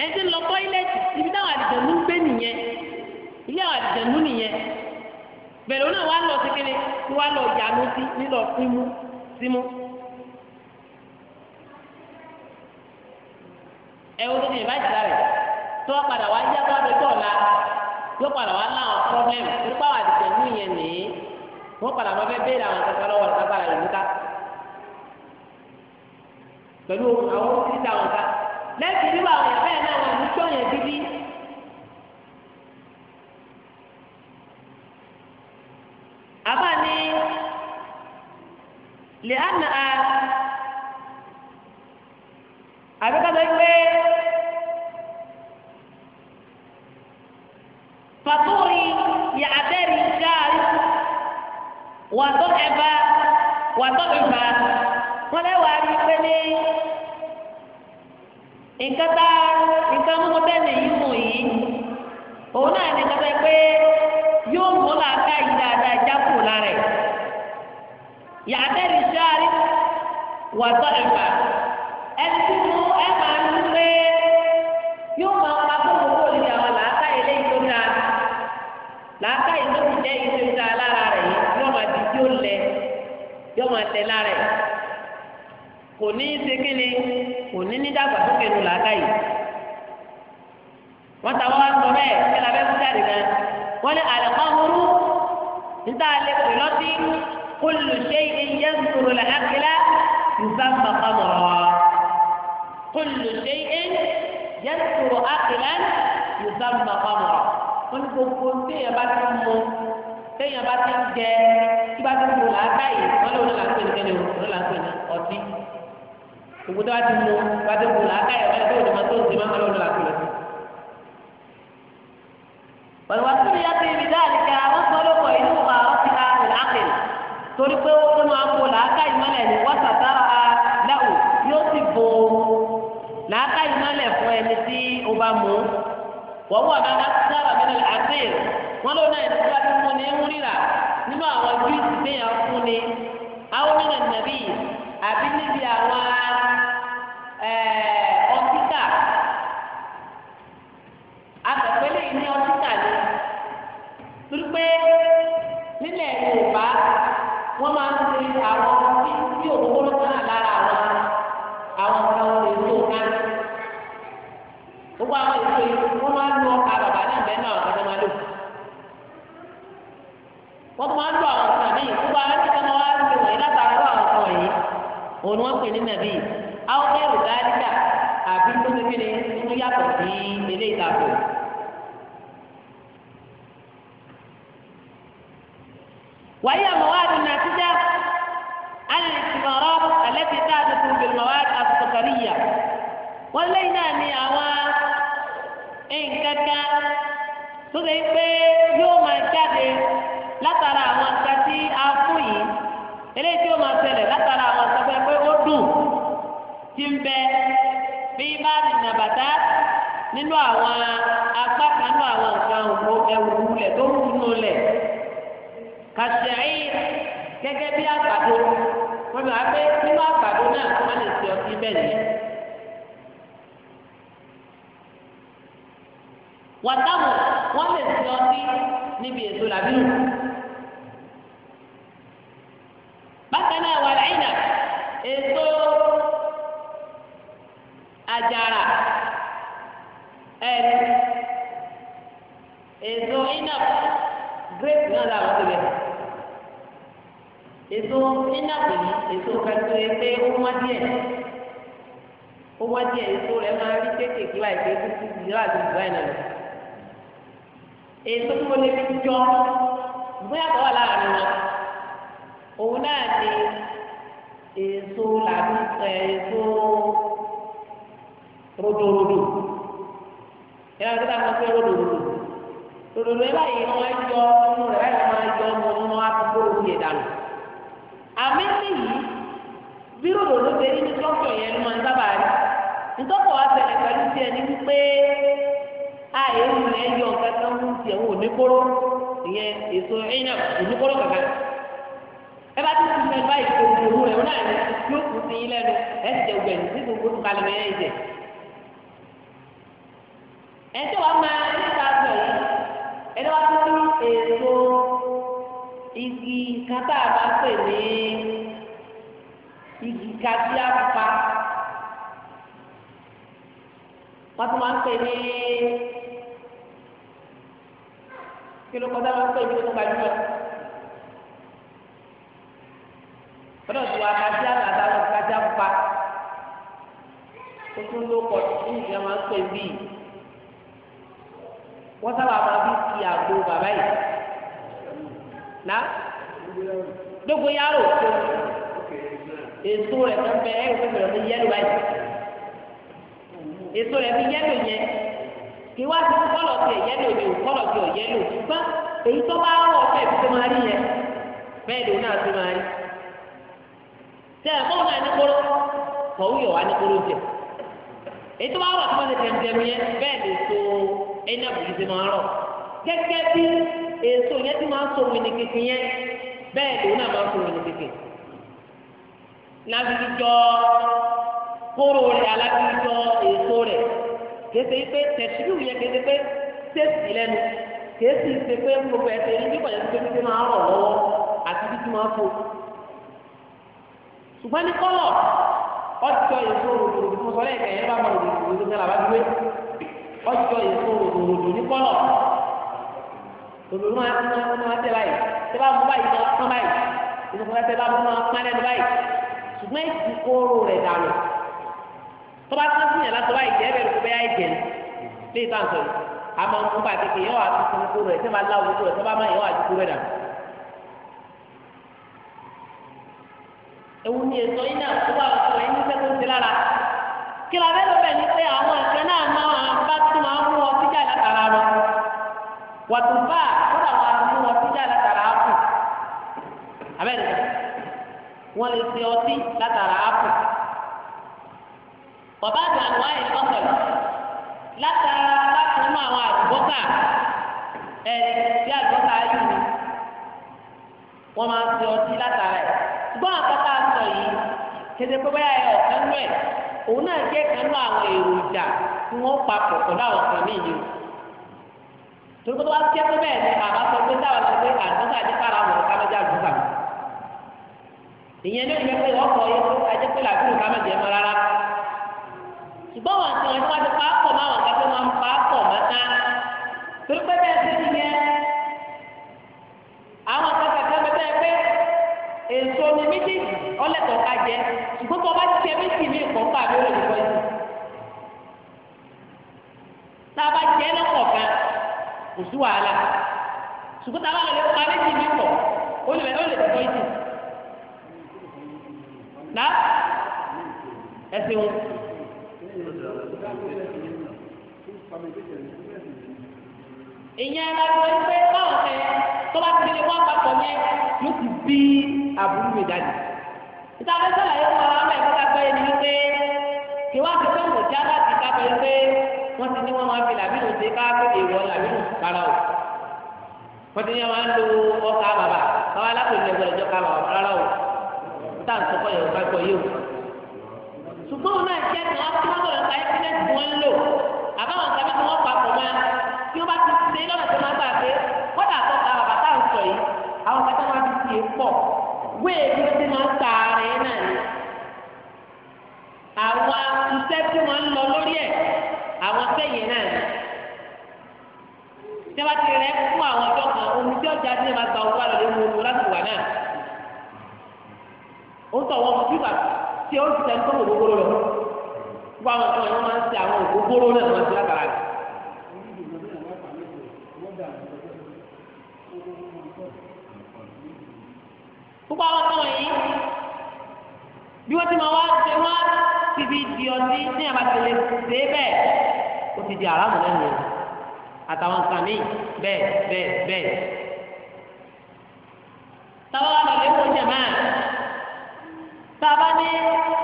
ẹ ti lọ tọ́ílẹ̀tì ibi táwọn àdìjẹ́nu ń gbé nìyẹn ilé àwọn àdìjẹ́nu nìyẹn bẹ̀rẹ̀ wọn náà wá lọ sí kéde tí wọ́n á lọ yànú sí nílọ fún mú símú. ẹ wo tóbi ìbá ìjà rẹ̀ tó padà wá yá bá dojú ọ̀la yóò padà wá láwọn pọ́blẹ́mù nípa àwọn àdìsẹ́ ní ìyẹn nìyí wọ́n padà máa fẹ́ béèrè àwọn kankan lọ́wọ́ rẹ̀ kápá rẹ̀ níta pẹ̀lú àwọn kírísítà wọn ká lẹ́sìn nínú àwọn ìyàwó ẹ̀ náà wọn ní sọ́yìn bíbí. àbá ni lè á nà á àbí ká sọ pé fàtúrì yà àbẹ́rì gáàrí wàtó ẹ̀bá wàtó ìbá wọn lè wà á rí pé ní nǹkan tá nǹkan mú tẹ́lẹ̀ yìí mú yìí òun náà ní nǹkan tó yẹ pé yóò mú làákà yìí dáadáa jákòó lára yàtẹ̀ ní sáré wà tọ́ ìfà ẹni tí mo ẹ máa ń lé yóò máa pa gbogbo kó lè àwọn làákà ilé yìí tó ta làákà yìí jẹ́ ta lára rẹ̀ yìí yóò máa di lẹ yóò máa tẹ lára rẹ̀ kò ní í ṣe kíni kò ní ní làákà yìí كل شيء يذكر العقل يسمى خمرا كل شيء يذكر عقلا يسمى خمرا كل كل شيء باتمو تيا باتين جاي باتين بولا كاي ما لو لا كاي كاي لو لا كاي اوتي كبودا باتمو باتين بولا كاي ما لو لا كاي ما لو لا كاي بل وسميت بذلك وصلوا الى العقل torí pé ó tó máa bo làákà ìmọ̀lẹ̀ ní wọ́sàtàrà aláwò yóò sì bo làákà ìmọ̀lẹ̀ fún ẹni tí ó bá mú wọ́n wà sára mẹ́rin wọ́n ẹni tí fún ní ń ríra nínú àwọn júùsì téèyàn fún ni àwọn mìíràn nàbí àbí níbi àwọn ọtíkà àtọ̀pẹ́lẹ̀ yìí ní ọtíkà ni torí pé wọ́n máa ń ṣe àwọn tí òkúkúrú náà lára àwọn àwọn gbogbo àwọn yìí wọ́n máa ń lo ọkà bàbá náà bẹ́ẹ̀ náà ọ̀gá máa lò. wọ́n máa ń lo àwọn وهي مواد ناتجة عن الاستمرارات التي تحدث بالمواد السكرية والليلة نعوى إن كان تدعي يوم الجدي لا ترى وانتتي أفوي إليه يوم الجدي لا ترى وانتتي أدو تنبه في بعض النباتات nínú àwọn apá kan nínú àwọn nǹkan òwò ẹwù lẹ tó wù nù kàṣẹ́yì anyị bí àgbàdo wọ́n bá gbé nínú àgbàdo náà wọ́n lè ṣe ọtí bẹ́ẹ̀ ni. wàtàmù wọ́n lè ṣe ọtí níbi èso làbínú. bákan náà wà láyìnà àjàrà iná gírèpù náà làwọn ti èso nígbàgbé èso kẹtọ yẹ pé ó wá díẹ̀ ó wá díẹ̀ èso rẹ máa rí kéékèèké láì pé títí di láti dùbáì náà lọ èso tó lè fi jọ bóyá tó wà láàrin wọn òun náà ni èso làbí èso rodorodo ẹ máa kíkà máa pé rodorodo rodorodo ẹ báyìí wọn jọ ọmọ rẹ báyìí wọn máa jọ ọmọ wọn á fi kó omi ẹ̀dá lọ. àmì nìyí bí ròdòdó ṣe rí ní tọ́kọ̀ yẹn ló máa ń sábà rí nítọ́kọ̀ wá ṣẹlẹ̀ pẹ̀lú tiẹ̀ ní wípé àìrù rẹ̀ yọ kankan fún tiẹ̀ wò ní kóró ìyẹn èso ìyàn kò ní kóró kankan ẹ bá ti rẹ̀ wọn náà sí yín lẹ́nu ti gbẹ̀yìn sí gbogbo kalẹ̀ nǹkan tá a bá pè ní igi kàdí àpá wọ́n tún máa ń pè ní kí ló kọjá máa ń pè ní oṣù gbajúmọ̀ ọlọ́run ti wá kàdí àgbàdo àwọn kàdí àpá ó tún ló pọ̀ ní ìjọba máa ń pè bíi wọ́n sábà máa bí kí àgbo bàbá yìí náà. dógóyárò èso rẹ̀ tó ń bẹ ẹ̀rọ tó bẹ̀rẹ̀ ní yẹ́lò báyìí èso rẹ̀ ní yẹ́lò yẹn kí wá sí kọ́lọ̀ tí ò yẹ́lò ni ò kọ́lọ̀ tí ò yẹ́lò ṣùgbọ́n èyí tó bá rọ̀ ọ̀fẹ́ ibi tó máa rí yẹn bẹ́ẹ̀ lòun náà tó máa rí na ẹ̀ kóun jẹ èyí tó so ti máa gẹ́gẹ́ bí yẹn ti máa bẹ́ẹ̀ lòun náà máa ń kúrò ní kékeré láti jọ kóró rẹ̀ aláti jọ èso rẹ̀ kéde pé tẹ̀síwìù yẹ kéde pé tẹ̀sí lẹ́nu kéésì ṣe pé gbogbo ẹsẹ̀ ní nípa yẹn pé máa rọ̀ lọ́wọ́ àti títí máa fò ṣùgbọ́n ní kọ́lọ̀ ọjọ́ èso ròdòdò fún sọlẹ́ ìkẹyẹ bá mọ ròdòdò tó tẹ́lẹ̀ àbájúwé ọjọ́ èso ròdòdò ní kọ́lọ̀ ròdòdò máa ti máa tẹ́lẹ̀ tẹ bá mú báyìí máa pọ́n báyìí inú kan tẹ bá mú máa pọ́n lẹ́nu báyìí ṣùgbọ́n èsì kóró rẹ̀ dànù tó bá tún fún yàrá tó báyìí jẹ́ bẹ́ẹ̀ ló bẹ́ẹ̀ àìjẹ́ lé ìtànsọ̀ yìí a máa ń mú báyìí kékeré yóò wá tuntun kóró rẹ̀ tẹ́ máa láwùjọ kóró rẹ̀ tó bá máa yóò wá ju kóró rẹ̀ dànù. ewu ni ètò yìí tó bá wà sọ̀rọ̀ yìí táwọn arúgbó wọn ti já látara ápù abẹ́rẹ́ wọn lè ṣe ọtí látara bàbá àwọn lọ́sọ̀rọ̀ látara láti mú àwọn àdúgbòkà ẹ̀ bí àdúgbòkà ayé mi wọ́n máa ń ọtí látara ẹ̀ ṣùgbọ́n àkọ́kọ́ àtọ̀ yìí kéde pé báyà ọ̀kan òun náà jẹ́ torí wá sí ẹgbẹ́ bẹ́ẹ̀ ni àbá sọ pé táwa sọ pé àtúntà àti kára ká má jẹ́ àgùntà mi. ìyẹn ló yẹ pé ọkọ̀ yẹ pé ajẹ́ pé làbúrò ká má mọ́ rárá. ṣùgbọ́n wọn wọn ti pa máa wọn ká pé pa pé bẹ́ẹ̀ àwọn akẹ́kọ̀ọ́ kan bẹ́ẹ̀ pé èso ni ká jẹ ṣùgbọ́n tó bá kò sí wàhálà ṣùgbọ́n táwa lè lè pa méjì ní pọ̀ ó lè ó lè tọ́ ìdì náà ẹsìn wọn. ìyẹn la sọ pé báwọn fẹ́ tó bá ti lè wá papọ̀ yẹn ló ti bí àbúrò mi dání. ìta fẹ́ sọ̀rọ̀ yẹn fún wa ọmọ ẹ̀kọ́ ká gbọ́ yẹn ni wípé kí wọ́n ti fẹ́ wò já láti kábẹ́ pé wọ́n ti ní wọ́n máa fi làbínú ṣe ká pé èèwọ̀ làbínú para o wọ́n ti ní wọ́n á lo ọkà bàbà káwọn alákòóso ẹgbẹ́ ìjọ ká bàbà rárá o tá à ń sọkọ yẹn ká gbọ́ yìí o. ṣùgbọ́n náà jẹ́ kí wọ́n ti wọ́n lọ ka ẹ́kílẹ̀ tí wọ́n ń lò àbáwọn kan tí wọ́n papọ̀ mọ́ tí wọ́n bá ti ṣe lọ́nà tó máa gbà pé kọ́dà tó bàbà tá sọ yìí àwọn kan máa fi ti àwọn iṣẹ́ tí wọ́n ń lọ lórí ẹ̀ àwọn sẹ́yìn náà ni. tí wọ́n ti rẹ̀ fún àwọn ọjọ́ kan omi tí ọjà ti máa gba owó àlọ́ lórí omi láti wà náà. ó ń tọ̀ wọ́n fún bíbà tí ó ń ti tẹ́lifóònù ògógóró lọ. wọ́n àwọn ọ̀sán wọn máa ń ṣe àwọn ògógóró náà wọ́n ti lábàrá rẹ̀. gbogbo àwọn ọ̀sán wọ̀nyí bí wọ́n ti máa wá ṣe wá síbi di ọtí ní àbàtìlẹ ṣe bẹ́ẹ̀ ó ti di àràmù lẹ́nu àtàwọn nǹkan míì bẹ́ẹ̀ bẹ́ẹ̀ bẹ́ẹ̀. táwọn àlọ́lẹ̀ kò jẹ̀ máa tábà ní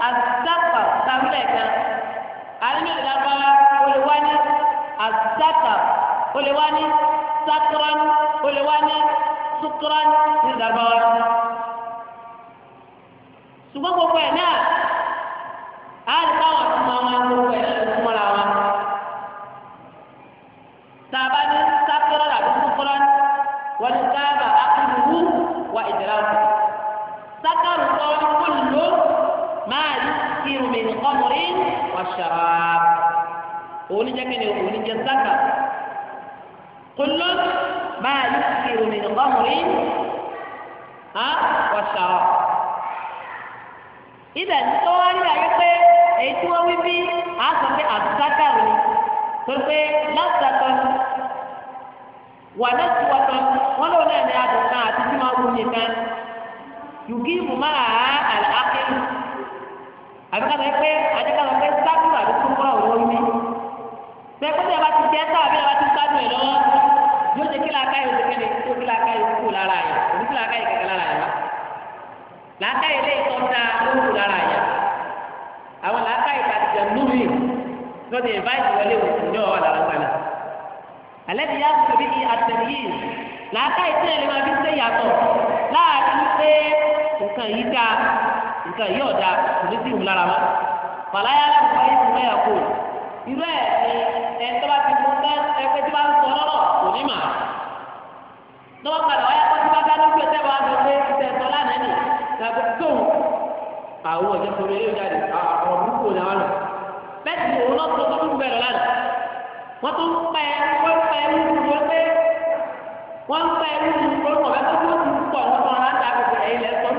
àtàkà sáwìlẹ̀ kan àlejò ìdábà olùwá ní àtàkà olùwá ní sákúrán olùwá ní súkúrán ní ìdábà wa ṣùgbọ́n gbogbo ẹ̀ náà á lè báwọn tó máa wọn gbogbo ẹ̀ náà ló mọ́ra wọn. sábà ní sáfẹ́rọ̀ àbí kúkúrọ́ wọn ni sábà akúrúwú wa ìdíráwù. sákàrù sọ wọn lò máa yí irumi ọmọrí wọn ṣàrà. òun kí ni òun sákà. كل ما يكثر من خمر ها وشراب ibẹ̀ ní tó wá rí ayé pé èyí tí wọ́n wí bí a sọ pé àtúntàkà rẹ̀ tó pé lásìkò wà lẹ́sìn wọ́tọ́ wọn lòun náà ní adùn kan àti tí máa wù nìkan yùkí ìmùmá àlẹ́ akéwì àbíkàtà yìí pé àdékàtà pé sábìrì àbí kúkúrọ̀ òun ní. sẹ́kúndì ẹ̀ bá ti jẹ́ sábà bí ẹ̀ bá ti sábìrì lọ́wọ́ yóò ṣe kí làákàyè òṣèkéde yóò kí làákàyè kúkú lára yẹn òní kí lára yẹn làákà ilé ìtọ́ta ló ń kú lára àyà àwọn làákà ìbàdàn lórí lọ́dún ìbáyìí wọlé òkú ní ọ̀wà lára gbalà alẹ́ ti yá sọ̀rọ̀ bíi àtẹ̀yìn làákà ìtẹ́ ẹ̀rẹ́ máa fi ṣe yàtọ̀ láàrin pé nǹkan yìí dá nǹkan yìí ọ̀dà kò ní sí ìwù lára wa fàlàyé alábùkọ́ yìí fún ẹ̀yà kò irú ẹ̀ ẹ̀ tó bá ti mú ẹ̀ tí bá ń sọ lọ́rọ̀ lọ́wọ́ padà wáyà tó ti bá dá lójú ẹsẹ̀ wa lọ pé ìṣẹ̀ ẹ̀tọ́ lánàá nì gbàgbé tóun àwọn ọ̀jẹ̀ sọ̀rọ̀ eré jáde àwọn burúkú ni àwọn lọ bẹ́ẹ̀ ni òun lọ́sọ̀ tó tún bẹ̀rẹ̀ lánàá wọ́n tún pẹ́ wọ́n pẹ́ wúru wọ́n pé wọ́n pẹ́ wúru wọ́n pọ̀ bẹ́ẹ̀ tó tún pọ̀ wọ́n tún ọ̀rọ̀ láti àgbègbè ẹ̀yìn lẹ́sọ̀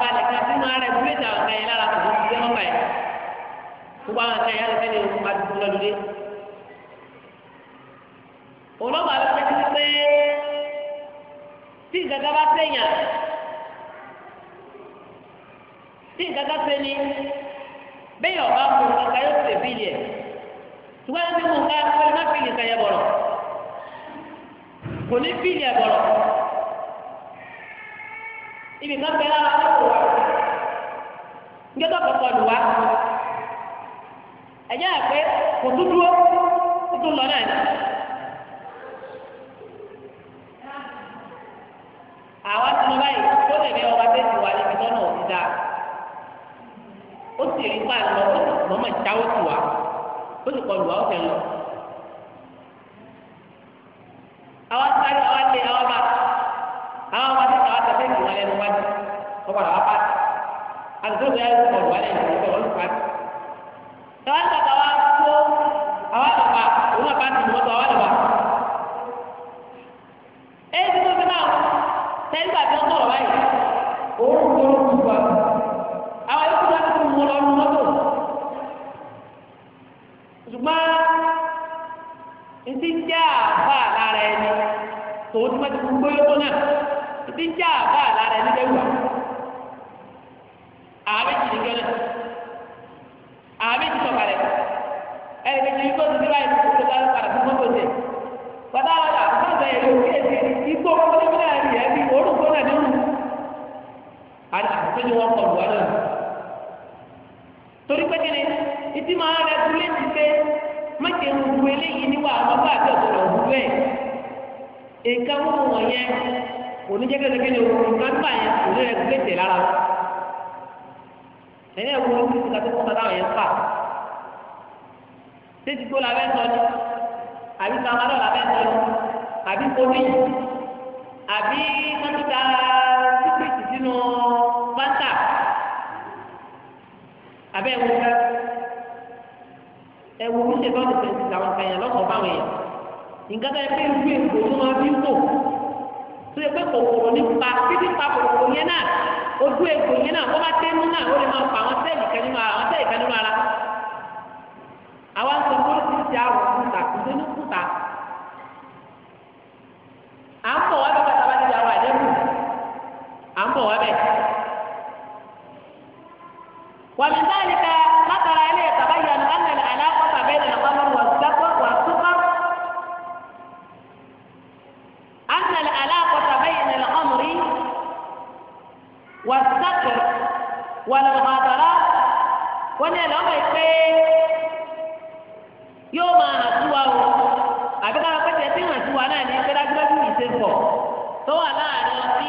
farabalẹ̀ kan sínú ara ìwé ìjà ọ̀kan yẹn lára tòun ti dẹ́nu báyìí gbogbo àwọn ọ̀kan yẹn alẹ́ fẹ́ẹ́ máa dúdú lọ lóde. olóògbé alẹ́ fẹ́ẹ́ ti pé tí gàgà bá sẹ́yìn tí gàgà sẹ́ni bẹ́ẹ̀ ọba kò kàkà yóò tẹ̀ bí yẹ ṣùgbọ́n ẹni tí mo ń ká ẹni má fi lè kàyẹ bọ̀rọ̀ kò ní fi lè bọ̀rọ̀ ibi kan bẹ lára tó wà nígbà tó kọkọ lù wá ẹjẹ yà pé kò tún dúró kó tún lọ náà ni àwa ti lọ báyìí tó lè ní ọba tó ti wà níbi tọ́nà òsì dá ó sì rí pa lọ ó sì ìta ó sì wà ó sì kọ lù wá ó sì lọ àwa sáré àwa lé àwa bá àwọn wájú náà wájú tẹ̀lé ìwọ̀n lẹ́nu wájú wọ́n padà wá pàtì àtúntò yẹn ló kọ̀ wálé ìwọ̀n lọ́wọ́ ló pàtì. tẹ̀wọ́n tàbá wá tó àwọn àlọ́ba òun náà pàtì ìwọ̀n tó àwọn àlọ́ba. èyí tó fi náà tẹ́lí bàbá ń sọ̀rọ̀ báyìí òun kò ló kú wa. àwọn yòókù náà tún mú lọ rún mọ́tò. ṣùgbọ́n ntí àbá lára ẹni tòun ti má ti kú gbóyótó náà ìdí jẹ́ àbá àlára ẹni lẹ́wà ààrẹ jìnnìkan ààrẹ jìnnìkan jẹ́ kí ẹ̀sẹ̀kẹ́ ni òun kan gbà yẹn kò ní rẹ́gúlétì lára wọn. ẹ̀yẹ́ wo ní ìsìnkà tó kọ́ta táwọn yẹn fà. títí tó la fẹ́ sọ ni àbí sàmádọ́ la fẹ́ sọ ni àbí kọ́bí àbí kọ́ńtà síkírìtì sínú pátá àbẹ́ ẹ̀wọ̀n fẹ́ mi ṣe bọ́ọ̀lù fẹ́ǹsì làwọn fẹ́yàn lọ́sọ̀ọ́ báwọn yẹn nǹkan tó yẹ pé ìlú èkó ló máa fi ń tó yẹ pé kòkòrò nípa títí pa kòkòrò yẹn náà ojú egbò yẹn náà kó má dé nínú náà ó lè máa pa àwọn sẹ́ẹ̀lì kan nínú ara àwọn sẹ́ẹ̀lì kan nínú ara àwọn sọ fún oríṣiríṣi àwọn òkúta ìdó ní òkúta à ń bọ̀ wá bẹ́ẹ̀ bàtà bá ti di àwọn àdéhùn à ń bọ̀ wá wàmí táyà gbádùn ìṣepọ̀ tó wà láàrin ọtí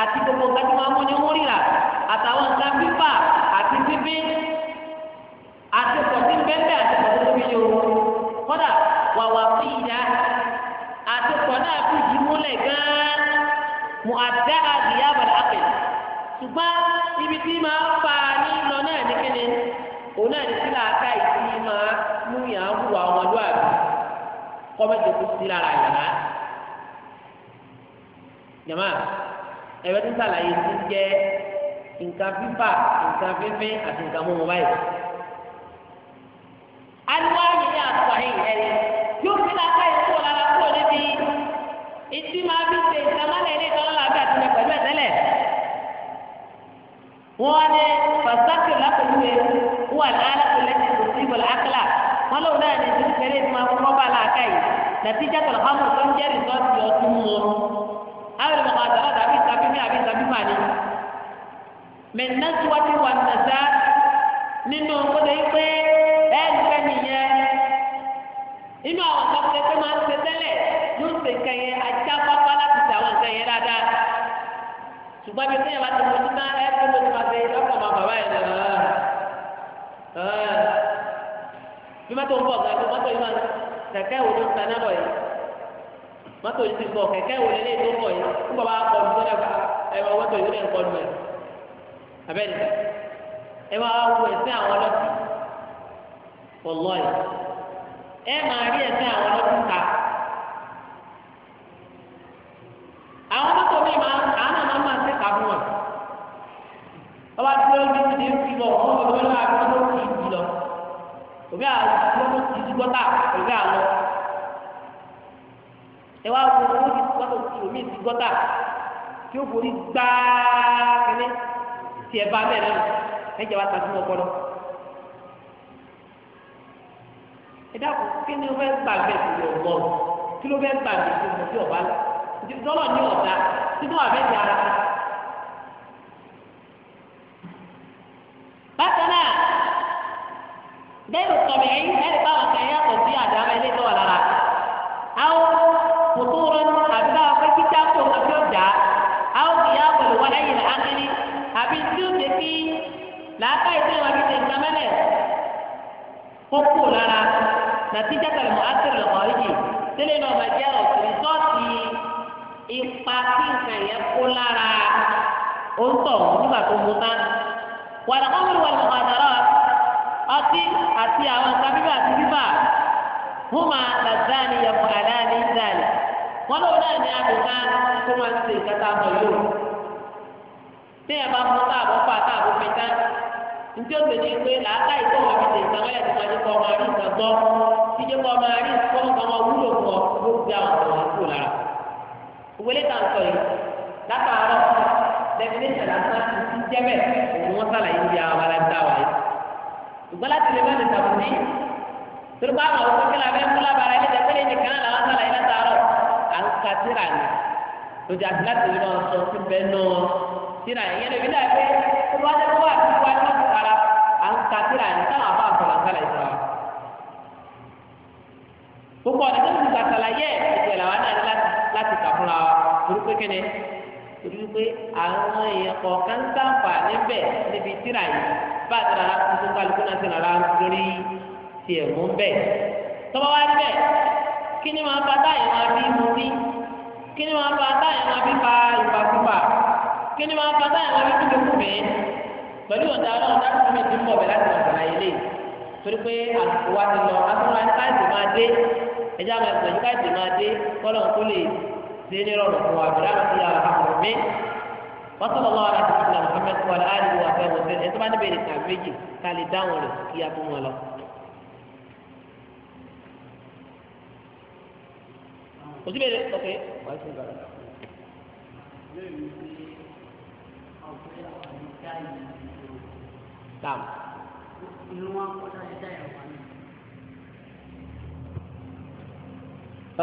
àti gbogbo nǹkan tí wọ́n mú ní múrìlà àtàwọn nǹkan pípà àti bíbí àti pọ̀tí bẹ́ẹ̀ àti pọ̀tí tó fi yọ kọ́dà wàwà fi ìdá àti pọ̀tí àti ìjìmúlẹ̀ gan-an mu àdá àdìyá bàdà àpè ṣùgbọ́n ibi tí máa ń fa ní lọ náà ní kíni òun náà ní sílá aká ìdí máa mú yàn án hùwà ọmọdúnrún kọ́mẹ́tì kú sí lára yàrá jama ẹ̀rọ tí ń sàlàyé ti ń jẹ́ nǹkan fífà nǹkan fífín àti nǹkan mímu báyìí. aliwa mi ní àtúwáyé ẹ̀rí yóò fi làákà ìkó lára kúrò níbi ìdí máa fi ṣe ìsàmálẹ̀ ilé ìtọ́lá làbẹ́ àti ilẹ̀ pẹ̀lú ẹ̀tẹ́lẹ̀. wọ́n ní pàṣẹ́kì lápẹ̀lúwe wà láàlàkùn lẹ́sìn tó sí ìbọ̀lá àkàlà wọn lóun náà ní ìdílé kẹrẹ́ ìdí àwọn ọmọ àtàlà tàbí tàbí ní àbí tàbí mà ní. mẹ̀nàtúwájú wà nàṣà nínú kóde pé ẹ̀ẹ́dẹ́gbẹ́ nìyẹn inú àwọn àtàkùnrin tó máa ń ṣe tẹ́lẹ̀ yóò ṣe nǹkan yẹn ajá pápá láti ṣe àwọn nǹkan yẹn dáadáa ṣùgbọ́n bí kéèyàn bá ti mọ̀ nípa ẹ̀ẹ́dẹ́gbẹ́ ló ti máa ṣe lọ́kọ̀ máa bàbá yẹn lọ́wọ́ bí mọ́tò ń bọ̀ gbàgbé mọ́tò yìí máa kẹ̀kẹ́ wo ló ń ta náà bọ̀ yìí. mọ́tò yìí ti kọ kẹ̀kẹ́ wo lé tó kọ yìí bàbá akọ ní sọ́dọ̀ ẹ máa wọ́tò yìí lé nǹkan nù ẹ̀ abẹ́ni ẹ wọ àwọn yìí ẹ máa rí àwọn ta àwọn mi máa àwọn máa ṣe kà fún wọn ọba tí ti fi ti òbí ẹ wá wo owó ti gbọ́dọ̀ tí omi ti gbọ́dọ̀ tí ó borí gbáà tí ẹ bá bẹ́ẹ̀ lẹ́nu ẹ jẹ́ wá tàbí wọn gbọ́dọ̀. ẹ dákun kí ni o fẹ́ gbà bẹ́ẹ̀ tó yọ ọgbọ́n kí ló fẹ́ gbà bẹ́ẹ̀ tó yọ ọba dọ́lọ̀ ní ọ̀dà títí wà bẹ́ẹ̀ di ara. bákan náà bẹ́ẹ̀ ló sọ̀rọ̀ ẹ̀yìn ẹ̀rí báwọn kan yàtọ̀ sí àdámẹ́lẹ́dọ́wà lára. àbí tí ó ṣe kí làákà ìṣe wọn fi ṣe nǹkan mẹ́lẹ̀ kó kú lára nàti jákàlẹ̀ mọ́ ásìrì lọ́mọ yìí tẹ́lẹ̀ náà máa jẹ́ ọ̀sìn sọ́ọ̀tì ipa tí nǹkan yẹn kó lára ó ń tọ̀ nígbà tó mú tán wàlẹ̀ kọ́ wíwọ̀ ní ọ̀dọ́rọ̀ ọtí àti àwọn nǹkan bíbà àti bíbà húmà làzáni yẹ̀fọ̀ àdáni ìzáni wọn lóun náà ní àbíká tó máa ń ṣe ìkẹta mọ̀ yóò téèyàn bá mú táàbọ̀ fà táàbọ̀ fẹ́tá ntí ó tẹ̀lé pé làákà ìtọ́ wọn fi tẹ̀sán wáyà tó máa dé kọ́ ọmọ àrí nǹkan gbọ́ tíjẹ́ kọ́ ọmọ àrí nǹkan kan wọn wúlò fún ọ ló gbé àwọn ọmọ wọn kúrò lára. ìwélé kan sọ yìí látàárọ̀ definition lásán ti jẹ́ bẹ́ẹ̀ òun wọ́n sàlàyé ní àwọn alágbá wa yìí. láti lè má lè sàbò ní torí àwọn òkú kí làbẹ́ fún lábàrá ilé tíra yẹn yẹn lóbi náà pé ó bá dé wá sí wá ní ọ̀sán ara à ń ka tíra yẹn táwọn afọ àfọlà ń kálá ìfọwọ́. gbogbo ọ̀nà tó ti gbàtàlà yẹ ẹ̀jẹ̀ làwọn náà ní láti kà fúnra wa torí pé kẹ́ni torí pé àwọn èèyàn kọ̀ọ̀kan sáǹfà níbẹ̀ níbi tíra yìí bá a ti rà tuntun kálukú náà ti rà lórí tiẹ̀ mú bẹ́ẹ̀ tọ́ba wá níbẹ̀ kí ni máa fa táyà máa bí mu bí kí ni máa fa táyà máa bí fa ìfàkúfà kí ni máa bá táyà máa fi kúbi kúbi pẹ̀lú ọ̀dà ọlọ́run dákúrú mi ti ń bọ̀ bẹ̀ láti ọ̀dà ayélé torí pé àsìkò wa ti lọ asọ́nà káyọ̀tì máa dé ẹjẹ́ àwọn ẹ̀sìn ẹ̀jẹ̀ káyọ̀tì máa dé kọ́lọ̀ kó lè dé ní rọrùn fún wa bẹ̀rẹ̀ àwọn ìyá àkàkọ̀ mi wọ́n sọ̀rọ̀ lọ́wọ́ láti fi ìlànà Muhammad wà láàrin ìwà fẹ́ wọ́n sẹ́ni ẹ̀sọ́ bá níbẹ̀ lè kà méjì ká lè dáhùn rẹ̀ kí a 好，不呃。